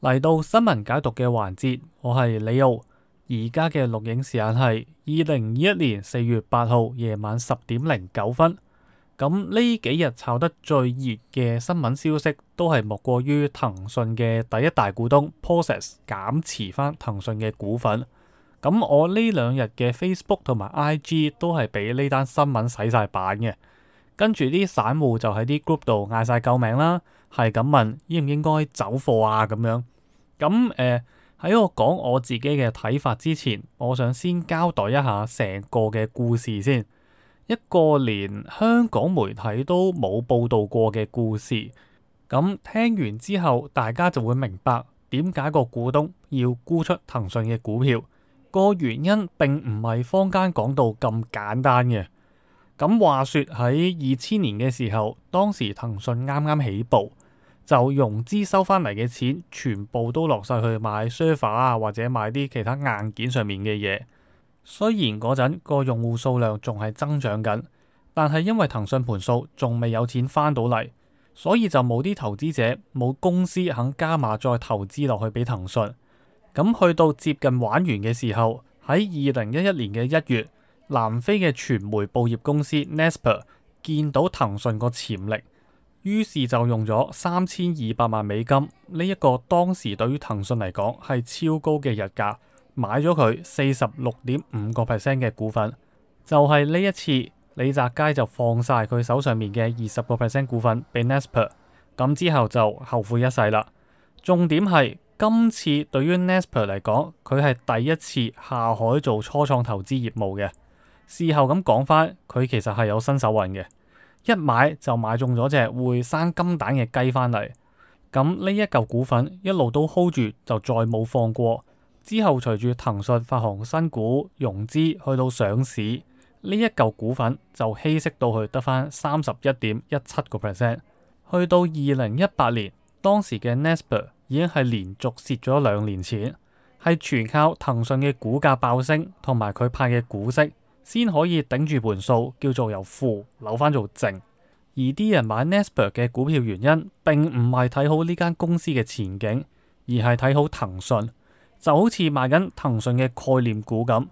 嚟到新聞解讀嘅環節，我係李奧，而家嘅錄影時間係二零二一年四月八號夜晚十點零九分。咁、嗯、呢幾日炒得最熱嘅新聞消息，都係莫過於騰訊嘅第一大股東 Naspers 減持翻騰訊嘅股份。咁、嗯、我呢兩日嘅 Facebook 同埋 IG 都係俾呢單新聞洗晒版嘅，跟住啲散戶就喺啲 group 度嗌晒救命啦。係咁問應唔應該走貨啊？咁樣，咁誒喺我講我自己嘅睇法之前，我想先交代一下成個嘅故事先。一個連香港媒體都冇報導過嘅故事。咁、嗯、聽完之後，大家就會明白點解個股東要沽出騰訊嘅股票。個原因並唔係坊間講到咁簡單嘅。咁、嗯、話說喺二千年嘅時候，當時騰訊啱啱起步。就融資收翻嚟嘅錢，全部都落晒去買 server 啊，或者買啲其他硬件上面嘅嘢。雖然嗰陣個用戶數量仲係增長緊，但係因為騰訊盤數仲未有錢翻到嚟，所以就冇啲投資者冇公司肯加碼再投資落去俾騰訊。咁去到接近玩完嘅時候，喺二零一一年嘅一月，南非嘅傳媒報業公司 Naspers 見到騰訊個潛力。於是就用咗三千二百萬美金呢一、這個當時對於騰訊嚟講係超高嘅日價，買咗佢四十六點五個 percent 嘅股份。就係、是、呢一次，李澤楷就放晒佢手上面嘅二十個 percent 股份俾 Naspers 咁之後就後悔一世啦。重點係今次對於 Naspers 嚟講，佢係第一次下海做初創投資業務嘅。事後咁講返，佢其實係有新手運嘅。一買就買中咗隻會生金蛋嘅雞翻嚟，咁呢一嚿股份一路都 hold 住，就再冇放過。之後隨住騰訊發行新股融資去到上市，呢一嚿股份就稀釋到去得翻三十一點一七個 percent。去到二零一八年，當時嘅 Naspers 已經係連續蝕咗兩年錢，係全靠騰訊嘅股價爆升同埋佢派嘅股息。先可以頂住盤數，叫做由負扭翻做正。而啲人買 Naspers 嘅股票原因，並唔係睇好呢間公司嘅前景，而係睇好騰訊。就好似買緊騰訊嘅概念股咁，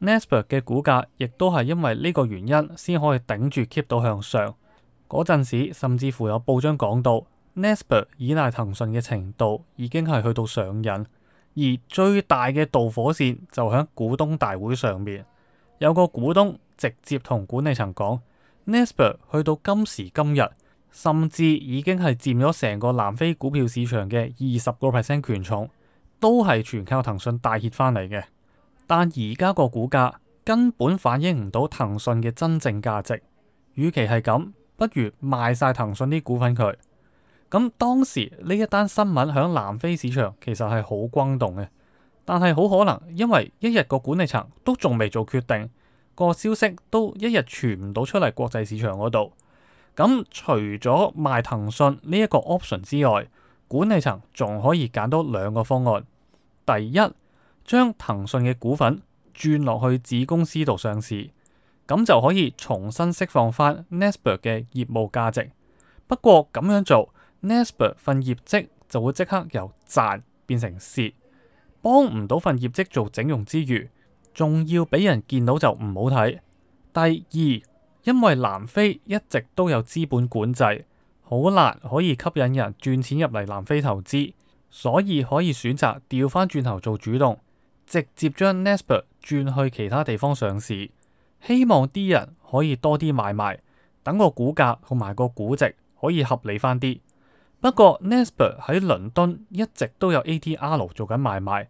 Naspers 嘅股價亦都係因為呢個原因先可以頂住，keep 到向上。嗰陣時甚至乎有報章講到，Naspers 依賴騰訊嘅程度已經係去到上癮，而最大嘅導火線就響股東大會上面。有個股東直接同管理層講，Naspers 去到今時今日，甚至已經係佔咗成個南非股票市場嘅二十個 percent 權重，都係全靠騰訊帶挈翻嚟嘅。但而家個股價根本反映唔到騰訊嘅真正價值，與其係咁，不如賣晒騰訊啲股份佢。咁當時呢一單新聞響南非市場其實係好轟動嘅。但係好可能，因為一日個管理層都仲未做決定，個消息都一日傳唔到出嚟國際市場嗰度。咁除咗賣騰訊呢一個 option 之外，管理層仲可以揀多兩個方案。第一，將騰訊嘅股份轉落去子公司度上市，咁就可以重新釋放翻 Naspers 嘅業務價值。不過咁樣做，Naspers 份業績就會即刻由賺變成蝕。幫唔到份業績做整容之餘，仲要俾人見到就唔好睇。第二，因為南非一直都有資本管制，好難可以吸引人轉錢入嚟南非投資，所以可以選擇調翻轉頭做主動，直接將 Naspers 轉去其他地方上市，希望啲人可以多啲買賣，等個股價同埋個股值可以合理翻啲。不過 Naspers 喺倫敦一直都有 ATR 做緊買賣，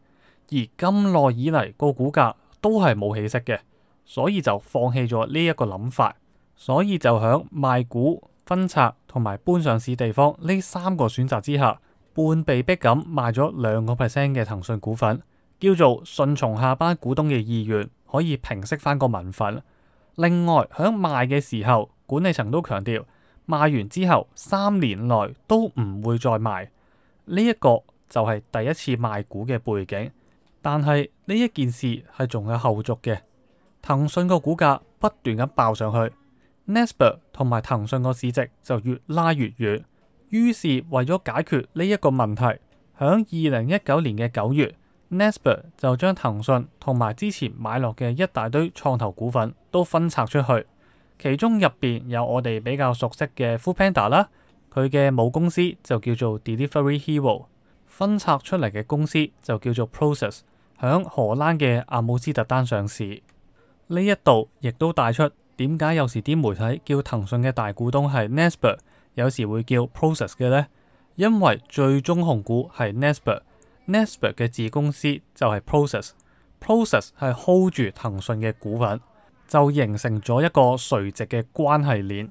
而咁耐以嚟個股價都係冇起色嘅，所以就放棄咗呢一個諗法。所以就喺賣股分拆同埋搬上市地方呢三個選擇之下，半被逼咁賣咗兩個 percent 嘅騰訊股份，叫做順從下班股東嘅意願，可以平息翻個民憤。另外，喺賣嘅時候，管理層都強調。賣完之後三年內都唔會再賣，呢一個就係第一次賣股嘅背景。但係呢一件事係仲有後續嘅，騰訊個股價不斷咁爆上去，Naspers 同埋騰訊個市值就越拉越遠。於是為咗解決呢一個問題，響二零一九年嘅九月，Naspers 就將騰訊同埋之前買落嘅一大堆創投股份都分拆出去。其中入邊有我哋比較熟悉嘅 Foodpanda 啦，佢嘅母公司就叫做 Delivery Hero，分拆出嚟嘅公司就叫做 Process，響荷蘭嘅阿姆斯特丹上市。呢一度亦都帶出點解有時啲媒體叫騰訊嘅大股東係 Naspers，有時會叫 Process 嘅呢？因為最終控股係 Naspers，Naspers 嘅子公司就係 Process，Process 係 hold 住騰訊嘅股份。就形成咗一個垂直嘅關係鏈。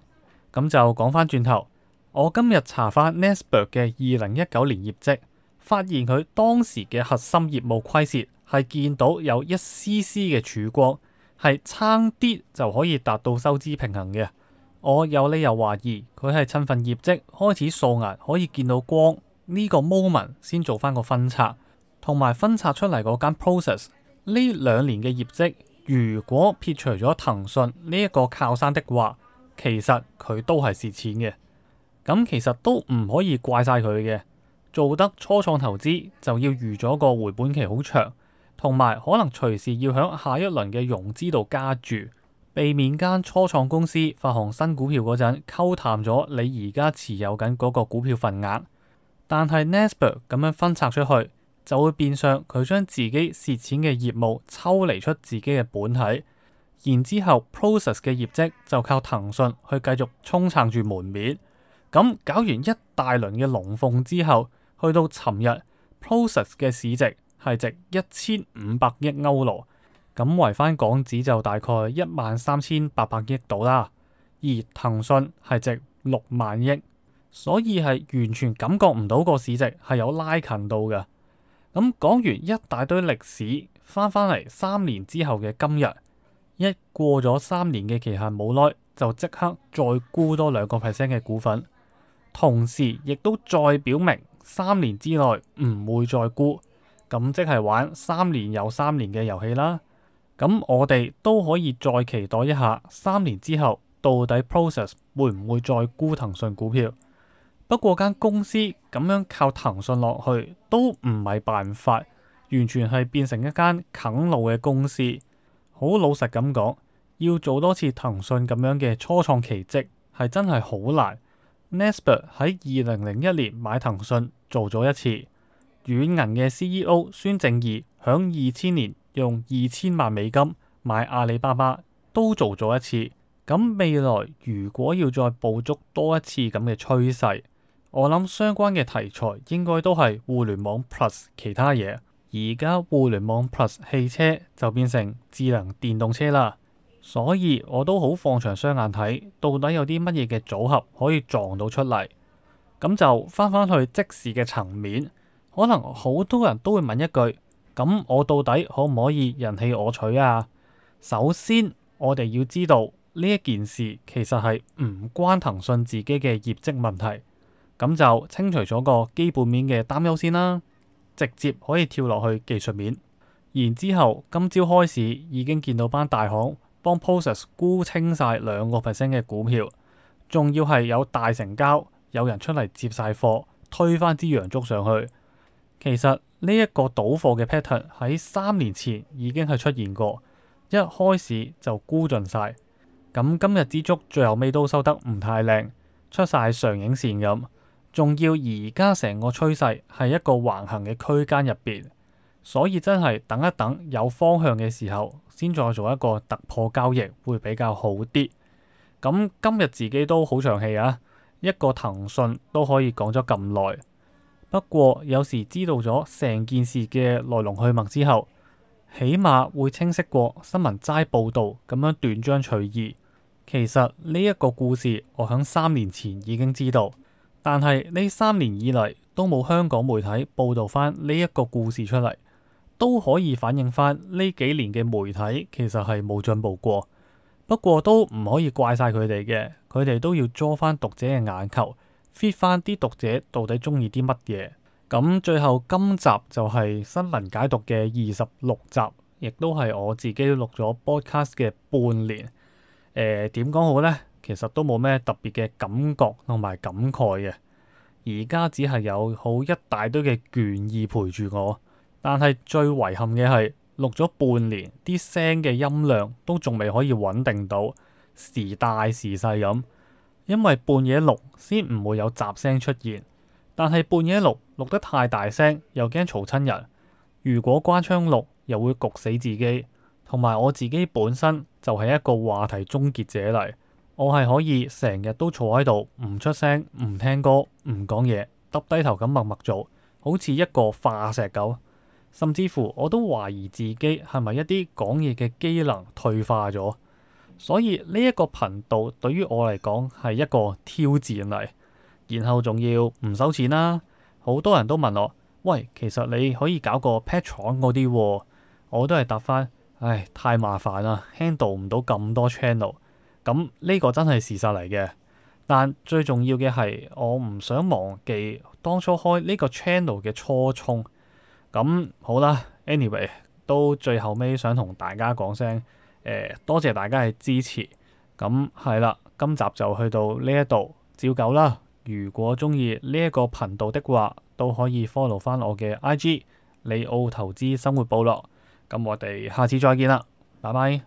咁就講翻轉頭，我今日查翻 Naspers 嘅二零一九年業績，發現佢當時嘅核心業務虧蝕係見到有一絲絲嘅曙光，係差啲就可以達到收支平衡嘅。我有理由懷疑佢係趁份業績開始掃牙，可以見到光呢個 moment 先做翻個分拆，同埋分拆出嚟嗰間 process 呢兩年嘅業績。如果撇除咗騰訊呢一個靠山的話，其實佢都係蝕錢嘅。咁其實都唔可以怪晒佢嘅，做得初創投資就要預咗個回本期好長，同埋可能隨時要響下一輪嘅融資度加注，避免間初創公司發行新股票嗰陣，溝淡咗你而家持有緊嗰個股票份額，但係 Naspers 咁樣分拆出去。就會變相佢將自己蝕錢嘅業務抽離出自己嘅本體，然之後 Process 嘅業績就靠騰訊去繼續冲撐住門面。咁搞完一大輪嘅龍鳳之後，去到尋日 Process 嘅市值係值一千五百億歐羅，咁維翻港紙就大概一萬三千八百億度啦。而騰訊係值六萬億，所以係完全感覺唔到個市值係有拉近到嘅。咁講完一大堆歷史，翻返嚟三年之後嘅今日，一過咗三年嘅期限冇耐，就即刻再沽多兩個 percent 嘅股份，同時亦都再表明三年之內唔會再沽。咁即係玩三年又三年嘅遊戲啦。咁我哋都可以再期待一下，三年之後到底 Process 會唔會再沽騰訊股票？不過間公司咁樣靠騰訊落去都唔係辦法，完全係變成一間啃老嘅公司。好老實咁講，要做多次騰訊咁樣嘅初創奇蹟係真係好難。Naspers 喺二零零一年買騰訊做咗一次，軟銀嘅 CEO 孫正義響二千年用二千萬美金買阿里巴巴都做咗一次。咁未來如果要再捕捉多一次咁嘅趨勢，我諗相關嘅題材應該都係互聯網 plus 其他嘢，而家互聯網 plus 汽車就變成智能電動車啦，所以我都好放長雙眼睇，到底有啲乜嘢嘅組合可以撞到出嚟。咁就返返去即時嘅層面，可能好多人都會問一句：咁我到底可唔可以人棄我取啊？首先，我哋要知道呢一件事其實係唔關騰訊自己嘅業績問題。咁就清除咗個基本面嘅擔憂先啦，直接可以跳落去技術面。然之後今朝開市已經見到班大行幫 Naspers 沽清晒兩個 percent 嘅股票，仲要係有大成交，有人出嚟接晒貨推返支陽燭上去。其實呢一個倒貨嘅 pattern 喺三年前已經係出現過，一開市就沽盡晒，咁今日支燭最後尾都收得唔太靚，出晒上影線咁。仲要而家成個趨勢係一個橫行嘅區間入邊，所以真係等一等有方向嘅時候，先再做一個突破交易會比較好啲。咁、嗯、今日自己都好長氣啊，一個騰訊都可以講咗咁耐。不過有時知道咗成件事嘅來龍去脈之後，起碼會清晰過新聞齋報道咁樣斷章取義。其實呢一個故事，我響三年前已經知道。但係呢三年以嚟都冇香港媒體報道翻呢一個故事出嚟，都可以反映翻呢幾年嘅媒體其實係冇進步過。不過都唔可以怪晒佢哋嘅，佢哋都要捉翻讀者嘅眼球，fit 翻啲讀者到底中意啲乜嘢。咁最後今集就係新聞解讀嘅二十六集，亦都係我自己錄咗 podcast 嘅半年。誒、呃，點講好呢？其實都冇咩特別嘅感覺同埋感慨嘅，而家只係有好一大堆嘅倦意陪住我。但係最遺憾嘅係錄咗半年，啲聲嘅音量都仲未可以穩定到時大時細咁。因為半夜錄先唔會有雜聲出現，但係半夜錄錄得太大聲，又驚嘈親人。如果關窗錄，又會焗死自己，同埋我自己本身就係一個話題終結者嚟。我係可以成日都坐喺度，唔出聲，唔聽歌，唔講嘢，耷低頭咁默默做，好似一個化石狗。甚至乎我都懷疑自己係咪一啲講嘢嘅機能退化咗。所以呢一個頻道對於我嚟講係一個挑戰嚟。然後仲要唔收錢啦、啊。好多人都問我：喂，其實你可以搞個 Patreon 嗰啲。我都係答翻，唉，太麻煩啦，handle 唔到咁多 channel。咁呢個真係事實嚟嘅，但最重要嘅係我唔想忘記當初開呢個 channel 嘅初衷。咁好啦，anyway，都最後尾想同大家講聲誒，多謝大家嘅支持。咁係啦，今集就去到呢一度，照舊啦。如果中意呢一個頻道的話，都可以 follow 翻我嘅 IG 利奧投資生活部落。咁我哋下次再見啦，拜拜。